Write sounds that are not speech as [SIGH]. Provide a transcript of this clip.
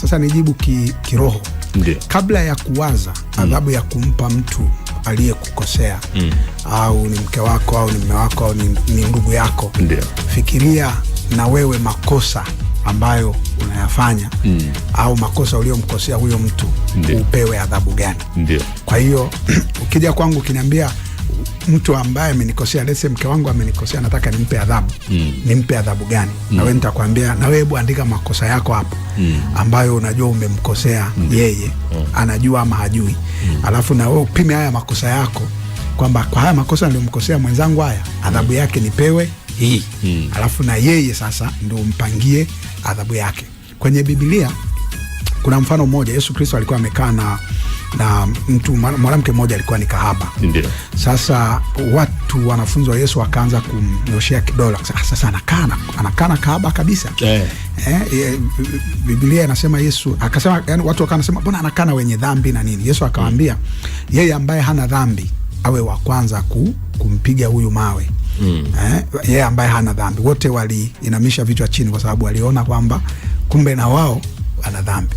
Sasa nijibu ki, kiroho Ndiyo. Kabla ya kuwaza mm. adhabu mm. ya kumpa mtu aliyekukosea mm. au ni mke wako au ni mme wako au ni, ni ndugu yako Ndiyo. Fikiria na wewe makosa ambayo unayafanya mm. au makosa uliyomkosea huyo mtu Ndiyo. Upewe adhabu gani Ndiyo. Kwa hiyo [CLEARS THROAT] ukija kwangu ukiniambia mtu ambaye amenikosea, lese mke wangu amenikosea, nataka nimpe adhabu mm. nimpe adhabu gani? mm. nawe nitakwambia, nawe hebu andika makosa yako hapo mm. ambayo unajua umemkosea mm. yeye mm. anajua ama hajui mm. alafu nawe upime haya makosa yako kwamba kwa haya makosa niliyomkosea mwenzangu haya adhabu hmm. yake nipewe hii mm. alafu na yeye sasa ndo umpangie adhabu yake. Kwenye Biblia kuna mfano mmoja, Yesu Kristo alikuwa amekaa na na mtu mwanamke mmoja alikuwa ni kahaba. Ndiyo. Sasa watu wanafunzi wa Yesu wakaanza kumnyoshea kidole, ah, sasa anakana anakana kahaba kabisa eh. Eh, e, Biblia inasema Yesu akasema, yani watu wakawa nasema mbona anakana wenye dhambi na nini? Yesu akawaambia mm. yeye ambaye hana dhambi awe wa kwanza ku, kumpiga huyu mawe mm. Eh, yeye ambaye hana dhambi. Wote waliinamisha vichwa chini, kwa sababu waliona kwamba kumbe na wao ana dhambi.